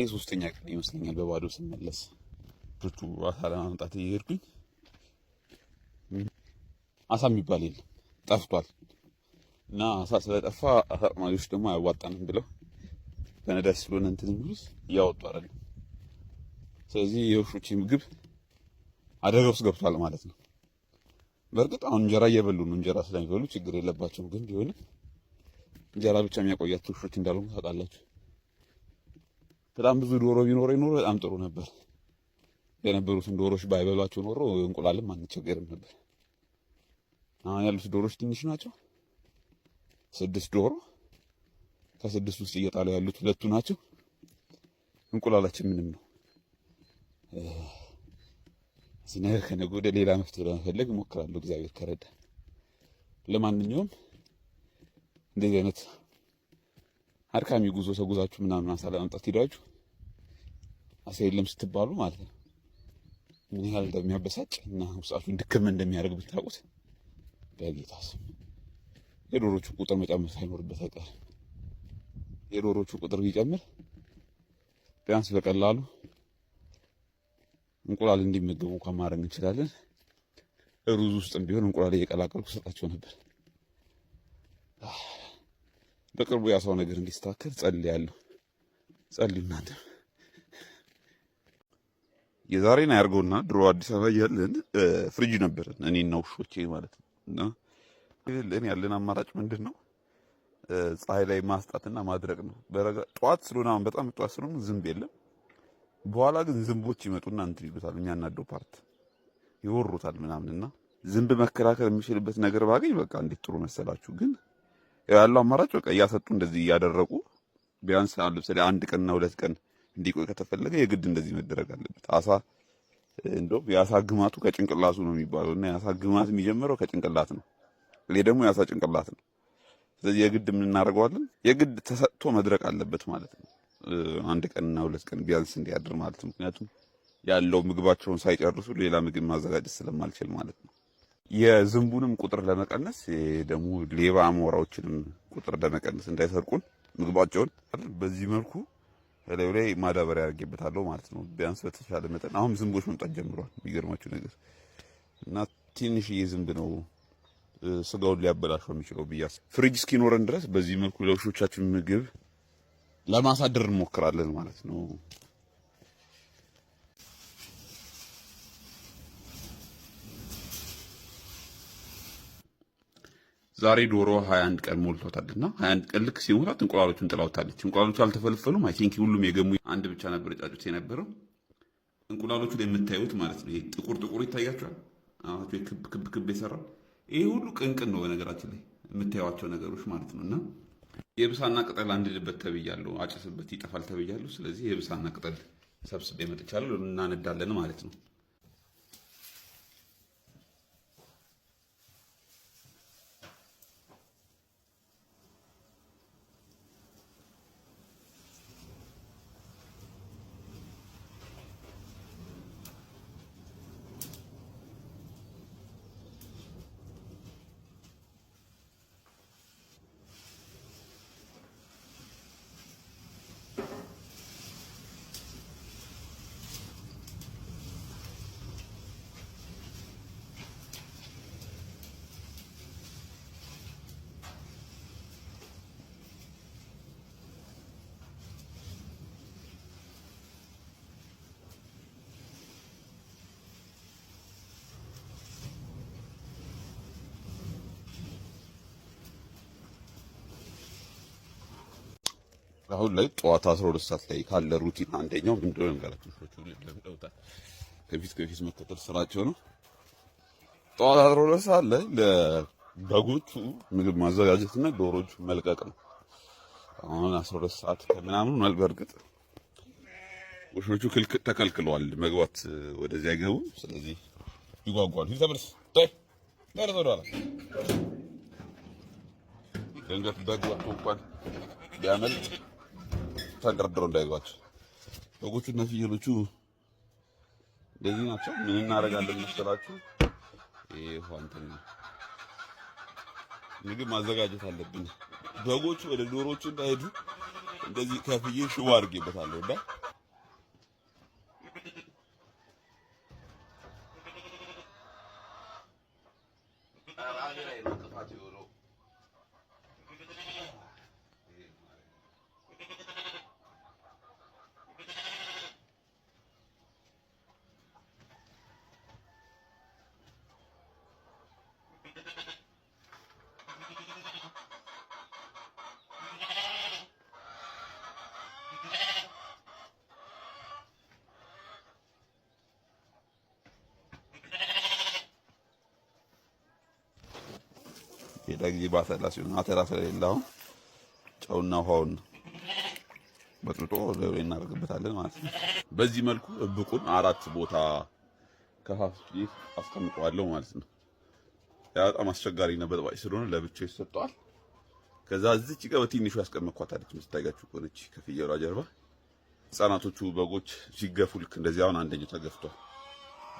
ይህ ሶስተኛ ቀን ይመስለኛል። በባዶ ስመለስ ብርቱ አሳ ለማምጣት እየሄድኩኝ አሳ የሚባል የለም ጠፍቷል። እና አሳ ስለጠፋ አሳ አጥማጆች ደግሞ አያዋጣንም ብለው በነዳጅ ስለሆነ እንትን የሚሉት እያወጡ አይደለም። ስለዚህ የውሾች ምግብ አደጋ ውስጥ ገብቷል ማለት ነው። በእርግጥ አሁን እንጀራ እየበሉ ነው። እንጀራ ስለሚበሉ ችግር የለባቸውም። ግን ቢሆንም እንጀራ ብቻ የሚያቆያቸው ውሾች እንዳሉ ታውቃላችሁ። በጣም ብዙ ዶሮ ቢኖረኝ ኖሮ በጣም ጥሩ ነበር። የነበሩትን ዶሮች ባይበሏቸው ኖሮ እንቁላልም አንቸገርም ነበር። አሁን ያሉት ዶሮች ትንሽ ናቸው፣ ስድስት ዶሮ። ከስድስት ውስጥ እየጣሉ ያሉት ሁለቱ ናቸው። እንቁላላችን ምንም ነው። እዚህ ነገር ከነገ ወደ ሌላ መፍትሄ ለመፈለግ እሞክራለሁ እግዚአብሔር ከረዳ። ለማንኛውም እንደዚህ አይነት አድካሚ ጉዞ ተጉዛችሁ ምናምን አሳ ለመምጣት ሄዳችሁ አሴ የለም ስትባሉ ማለት ነው ምን ያህል እንደሚያበሳጭ እና ውስጣችሁ ድክም እንደሚያደርግ ብታውቁት። በጌታ ስም የዶሮቹ ቁጥር መጨመር ሳይኖርበት አይቀር። የዶሮቹ ቁጥር ቢጨምር ቢያንስ በቀላሉ እንቁላል እንዲመገቡ እንኳን ማድረግ እንችላለን። ሩዝ ውስጥም ቢሆን እንቁላል እየቀላቀልኩ ሰጣቸው ነበር። በቅርቡ ያሳው ነገር እንዲስተካከል ጸልያለሁ። ጸልዩ እናንተ የዛሬን አያርገውና ድሮ አዲስ አበባ እያለን ፍሪጅ ነበረን እኔና ውሾቼ ማለት ነው። እና ለን ያለን አማራጭ ምንድን ነው? ፀሐይ ላይ ማስጣትና ማድረቅ ነው። ጠዋት ስለሆነ አሁን በጣም ጠዋት ስለሆነ ዝንብ የለም። በኋላ ግን ዝንቦች ይመጡና እንትን ይሉታል፣ እኛ እናደው ፓርት ይወሩታል ምናምን እና ዝንብ መከላከል የሚችልበት ነገር ባገኝ በቃ እንዴት ጥሩ መሰላችሁ። ግን ያለው አማራጭ በቃ እያሰጡ እንደዚህ እያደረቁ ቢያንስ ለምሳሌ አንድ ቀንና ሁለት ቀን እንዲቆይ ከተፈለገ የግድ እንደዚህ መደረግ አለበት። አሳ እንደውም የአሳ ግማቱ ከጭንቅላቱ ነው የሚባለው እና የአሳ ግማት የሚጀምረው ከጭንቅላት ነው። ይሄ ደግሞ የአሳ ጭንቅላት ነው። ስለዚህ የግድ የምናደርገዋለን የግድ ተሰጥቶ መድረቅ አለበት ማለት ነው። አንድ ቀንና ሁለት ቀን ቢያንስ እንዲያድር ማለት ነው። ምክንያቱም ያለው ምግባቸውን ሳይጨርሱ ሌላ ምግብ ማዘጋጀት ስለማልችል ማለት ነው። የዝንቡንም ቁጥር ለመቀነስ ደግሞ ሌባ አሞራዎችንም ቁጥር ለመቀነስ እንዳይሰርቁን ምግባቸውን በዚህ መልኩ እላዩ ላይ ማዳበሪያ አድርጌበታለሁ ማለት ነው። ቢያንስ በተሻለ መጠን አሁን ዝንቦች መምጣት ጀምረዋል። የሚገርማችሁ ነገር እና ትንሽዬ ዝንብ ነው ስጋውን ሊያበላሸው የሚችለው ብያስ ፍሪጅ እስኪኖረን ድረስ በዚህ መልኩ ለውሾቻችን ምግብ ለማሳደር እንሞክራለን ማለት ነው። ዛሬ ዶሮ 21 ቀን ሞልቶታል እና 21 ቀን ልክ ሲሞታት እንቁላሎቹን ጥላውታለች። እንቁላሎቹ አልተፈለፈሉም። አይ ቲንክ ሁሉም የገሙ አንድ ብቻ ነበር ጫጩት የነበረው። እንቁላሎቹ ላይ የምታዩት ማለት ነው ይሄ ጥቁር ጥቁሩ ይታያቸዋል። አሁን ክብ ክብ ክብ የሰራው ይሄ ሁሉ ቅንቅን ነው። በነገራችን ላይ የምታዩቸው ነገሮች ማለት ነው እና የብሳና ቅጠል አንድድበት ተብያለሁ። አጭስበት ይጠፋል ተብያለሁ። ስለዚህ የብሳና ቅጠል ሰብስቤ መጥቻለሁ። እናነዳለን ማለት ነው። አሁን ላይ ጠዋት 12 ሰዓት ላይ ካለ ሩቲን አንደኛው ምንድነው እንጋላችሁ ሾቹ ለምደውታል ከፊት ከፊት መከተል ስራቸው ነው። ጠዋት 12 ሰዓት ላይ ለበጎቹ ምግብ ማዘጋጀትና ዶሮቹ መልቀቅ ነው። አሁን 12 ሰዓት ከምናምን ነው። በእርግጥ ውሾቹ ተከልክለዋል መግባት ወደዚህ አይገቡ። ስለዚህ ይጓጓሉ። ይተምርስ ታይ ታይ ተወራለ ደንገት በግ ወጥቶ እንኳን ቢያመልጥ ተንደርድረው እንዳይዟቸው። በጎቹ እና ፍየሎቹ እንደዚህ ናቸው። ምን እናደርጋለን መሰላችሁ? ይሄ ምግብ ማዘጋጀት አለብን። በጎቹ ወደ ዶሮቹ እንዳይሄዱ እንደዚህ ከፍዬ ሽቦ አድርጌበታለሁ እና ይሄ ዳጊ ባተላ ሲሆን አተላ ስለሌለው ጨውና ውሃውን በጥልጦ ዘብሬ እናደርግበታለን ማለት ነው። በዚህ መልኩ እብቁን አራት ቦታ ከፋፍዬ አስቀምጠዋለሁ ማለት ነው። ያ በጣም አስቸጋሪ ነው። በጥባጭ ስለሆነ ለብቻው ይሰጠዋል። ከዛ እዚች ጋር በትንሹ ያስቀመጥኳታለች የምትታያችሁ ከሆነች ከፍየሏ ጀርባ ህጻናቶቹ በጎች ሲገፉ ልክ እንደዚህ አሁን አንደኛው ተገፍቷል።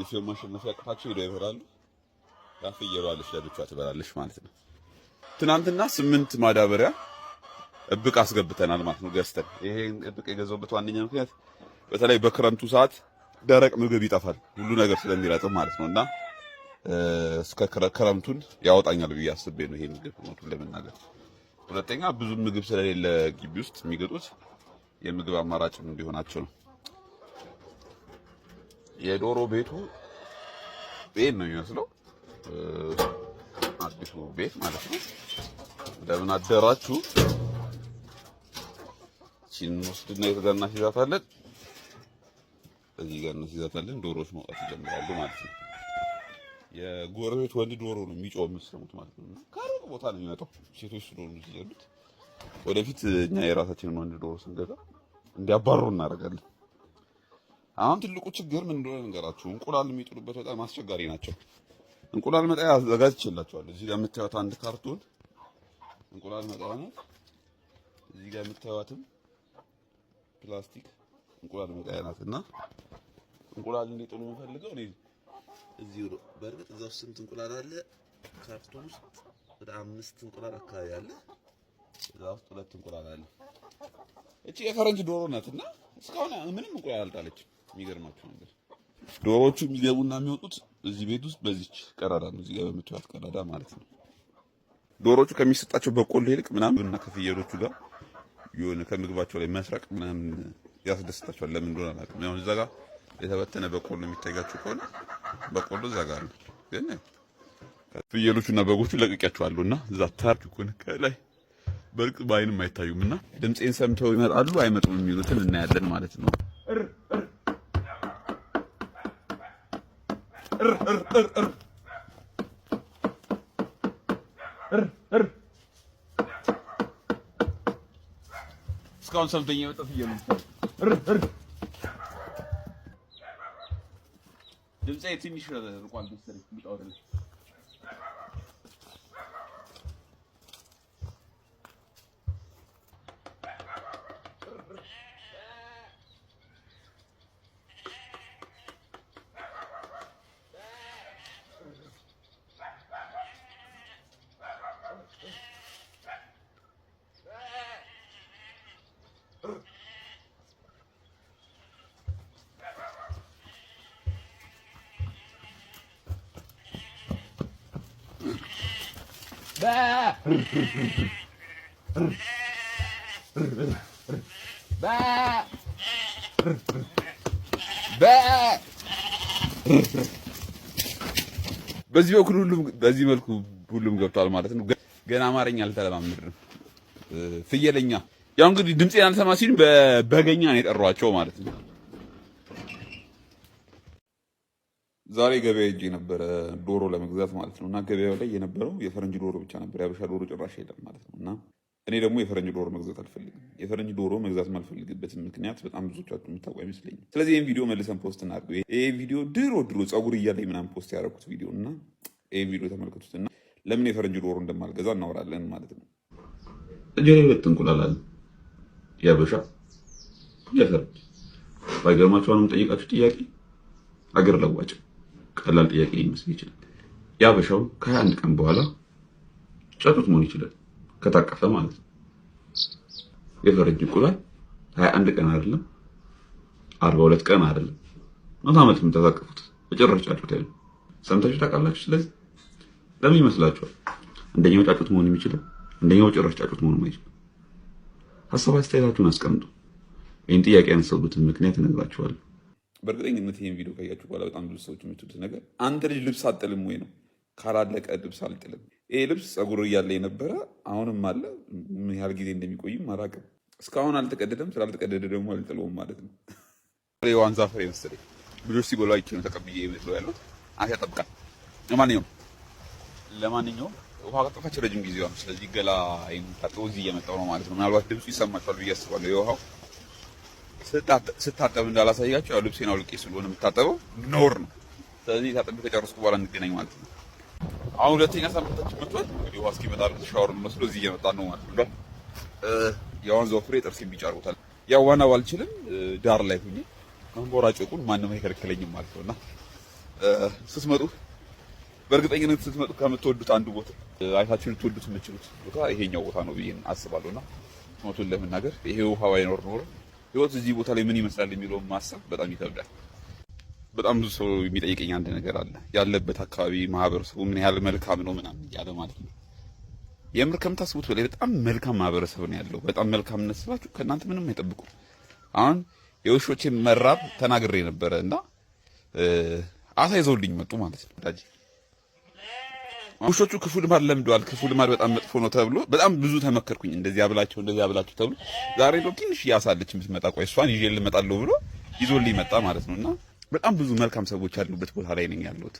የፊልም ማሸነፍ ያቅፋቸው ሄደው ይበላሉ። ያ ፍየሏ አለች ትበላለች ማለት ነው። ትናንትና ስምንት ማዳበሪያ እብቅ አስገብተናል ማለት ነው ገዝተን። ይሄን እብቅ የገዛሁበት ዋነኛ ምክንያት በተለይ በክረምቱ ሰዓት ደረቅ ምግብ ይጠፋል ሁሉ ነገር ስለሚረጥብ ማለት ነውና እስከ ክረምቱን ያወጣኛል ብዬ አስቤ ነው ይሄን ምግብ ነው ለመናገር። ሁለተኛ ብዙ ምግብ ስለሌለ ግቢ ውስጥ የሚገጡት የምግብ አማራጭ እንዲሆናቸው ነው። የዶሮ ቤቱ ይሄን ነው የሚመስለው። አዲሱ ቤት ማለት ነው። እንደምን አደራችሁ። ቺን ውስድና የተጋና ሲዛታለን እዚህ ጋር ነው ዶሮዎች መውጣት ይጀምራሉ ማለት ነው። የጎረቤት ወንድ ዶሮ ነው የሚጮህ የምትሰሙት ማለት ነው። ከሩቅ ቦታ ነው የሚመጣው ሴቶች ስለሆኑ ያሉት። ወደፊት እኛ የራሳችንን ወንድ ዶሮ ስንገዛ እንዲያባሩ እናደርጋለን። አሁን ትልቁ ችግር ምን እንደሆነ ነገራችሁ፣ እንቁላል የሚጥሉበት በጣም አስቸጋሪ ናቸው። እንቁላል መጣያ አዘጋጅቼላችኋለሁ። እዚህ ጋር የምታዩት አንድ ካርቶን እንቁላል መጣያ ነው። እዚህ ጋር የምታዩትም ፕላስቲክ እንቁላል መጣያ ናት እና እንቁላል እንዲጥሉ የምፈልገው እኔ እዚህ ነው። በእርግጥ እዛው ስንት እንቁላል አለ? ካርቶን ውስጥ ወደ አምስት እንቁላል አካባቢ አለ። እዛ ውስጥ ሁለት እንቁላል አለ። እቺ የፈረንጅ ዶሮ ናት እና እስካሁን ምንም እንቁላል አልጣለችም። የሚገርማችሁ ነገር ዶሮዎቹ የሚገቡና የሚወጡት እዚህ ቤት ውስጥ በዚች ቀዳዳ ነው። እዚህ ጋር በምትያት ቀዳዳ ማለት ነው። ዶሮቹ ከሚሰጣቸው በቆሎ ይልቅ ምናምን እና ከፍየሎቹ ጋር የሆነ ከምግባቸው ላይ መስረቅ ምናምን ያስደስታቸዋል። ለምን እንደሆነ አላውቅም። ያው እዛ ጋር የተበተነ በቆሎ የሚታያቸው ከሆነ በቆሎ እዛ ጋር ነው። ግን ፍየሎቹና በጎቹ ለቅቄያቸዋለሁና እዛ ታርክ ኮነ ከላይ በርቅ በአይንም አይታዩም እና ድምፄን ሰምተው ይመጣሉ አይመጡም የሚሉትን እናያለን ማለት ነው። እስካሁን ሰምተኝ የመጣ ፍየል ድምጼ ትንሽ ርቋል መሰለኝ በዚህ በኩል ሁሉም በዚህ መልኩ ሁሉም ገብቷል ማለት ነው። ገና አማርኛ አልተለማመድንም። ፍየለኛ ያው እንግዲህ ድምፄን አልሰማ ሲሉ በበገኛ ነው የጠሯቸው ማለት ነው። ዛሬ ገበያ ሄጄ ነበረ ዶሮ ለመግዛት ማለት ነው። እና ገበያው ላይ የነበረው የፈረንጅ ዶሮ ብቻ ነበር፣ ያበሻ ዶሮ ጭራሽ የለም ማለት ነው። እና እኔ ደግሞ የፈረንጅ ዶሮ መግዛት አልፈልግም። የፈረንጅ ዶሮ መግዛት ማልፈልግበትን ምክንያት በጣም ብዙዎቻችሁ የምታውቁ አይመስለኝም። ስለዚህ ይህን ቪዲዮ መልሰን ፖስት እናድርገው። ይህ ቪዲዮ ድሮ ድሮ ጸጉር እያለኝ ምናምን ፖስት ያደረኩት ቪዲዮ እና ይህን ቪዲዮ ተመልከቱት እና ለምን የፈረንጅ ዶሮ እንደማልገዛ እናወራለን ማለት ነው። እጄ ላይ እንቁላላል ያበሻ የፈረንጅ ባይገርማችሁ አሁንም ጠይቃችሁ ጥያቄ አገር ለዋጭ ቀላል ጥያቄ ሊመስል ይችላል። የአበሻው ከ21 ቀን በኋላ ጫጩት መሆን ይችላል ከታቀፈ ማለት ነው። የፈረንጅ እንቁላል 21 ቀን አይደለም 42 ቀን አይደለም መቶ ዓመት የምታታቀፉት በጭራሽ ጫጩት አይደለም። ሰምታችሁ ታውቃላችሁ? ስለዚህ ለምን ይመስላችኋል አንደኛው ጫጩት መሆን የሚችለው አንደኛው ጭራሽ ጫጩት መሆን የማይችለው? ሀሳብ አስተያየታችሁን አስቀምጡ። ይህን ጥያቄ ያነሳሁበትን ምክንያት እነግራችኋለሁ። በእርግጠኝነት ይህን ቪዲዮ ካያችሁ በኋላ በጣም ብዙ ሰዎች የሚችሉት ነገር አንድ ልጅ ልብስ አጥልም ወይ ነው። ካላለቀ ልብስ አልጥልም። ይህ ልብስ ጸጉር እያለ የነበረ አሁንም አለ። ምን ያህል ጊዜ እንደሚቆይም አላውቅም። እስካሁን አልተቀደደም። ስላልተቀደደ ደግሞ አልጥለውም ማለት ነው። የዋንዛ ፍሬ መሰለኝ ልጆች ሲበሉ አይቼ ነው ተቀብዬ ይመስለው ያለው አሽ ጠብቃል። ለማንኛውም ለማንኛውም ውሃ ከጠፋች ረጅም ጊዜ ነው። ስለዚህ ገላ ታጥቦ እዚህ እየመጣው ነው ማለት ነው። ምናልባት ድምፁ ይሰማችኋል ብዬ አስባለሁ የውሃው ስታጠብ እንዳላሳያቸው ያው ልብሴን አውልቄ ስለሆነ የምታጠበው ኖር ነው። ስለዚህ ታጠብ ከጨረስኩ በኋላ እንገናኝ ማለት ነው። አሁን ሁለተኛ ሳምንታችን መጥቷል። እንግዲህ ውሃ እስኪመጣ ድረስ ሻወር መስሎ እዚህ እየመጣ ነው ማለት ነው። የዋንዛው ፍሬ ጥርሴን ቢጫ አድርጎታል። ያው ዋና ባልችልም ዳር ላይ ሁኜ መንቦራጮቁን ማንም አይከለክለኝም ማለት ነው እና ስትመጡ በእርግጠኝነት ስትመጡ ከምትወዱት አንዱ ቦታ አይታችሁ ልትወዱት የምችሉት ቦታ ይሄኛው ቦታ ነው ብዬ አስባለሁ። አስባለሁና እውነቱን ለመናገር ይሄ ውሃ ባይኖር ኖሮ ህይወት እዚህ ቦታ ላይ ምን ይመስላል የሚለውን ማሰብ በጣም ይከብዳል። በጣም ብዙ ሰው የሚጠይቀኝ አንድ ነገር አለ፣ ያለበት አካባቢ ማህበረሰቡ ምን ያህል መልካም ነው ምናምን እያለ ማለት ነው። የምር ከምታስቡት በላይ በጣም መልካም ማህበረሰብ ነው ያለው። በጣም መልካምነት ስላችሁ ከእናንተ ምንም አይጠብቁም። አሁን የውሾቼ መራብ ተናግሬ ነበረ እና አሳይዘውልኝ መጡ ማለት ነው። ውሾቹ ክፉ ልማድ ለምደዋል። ክፉ ልማድ በጣም መጥፎ ነው ተብሎ በጣም ብዙ ተመከርኩኝ። እንደዚህ ያብላቸው፣ እንደዚህ ያብላቸው ተብሎ ዛሬ ነው ትንሽ እያሳለች የምትመጣ ቆይ እሷን ይዤ ልመጣለሁ ብሎ ይዞልኝ መጣ ማለት ነው። እና በጣም ብዙ መልካም ሰዎች ያሉበት ቦታ ላይ ነኝ ያለሁት።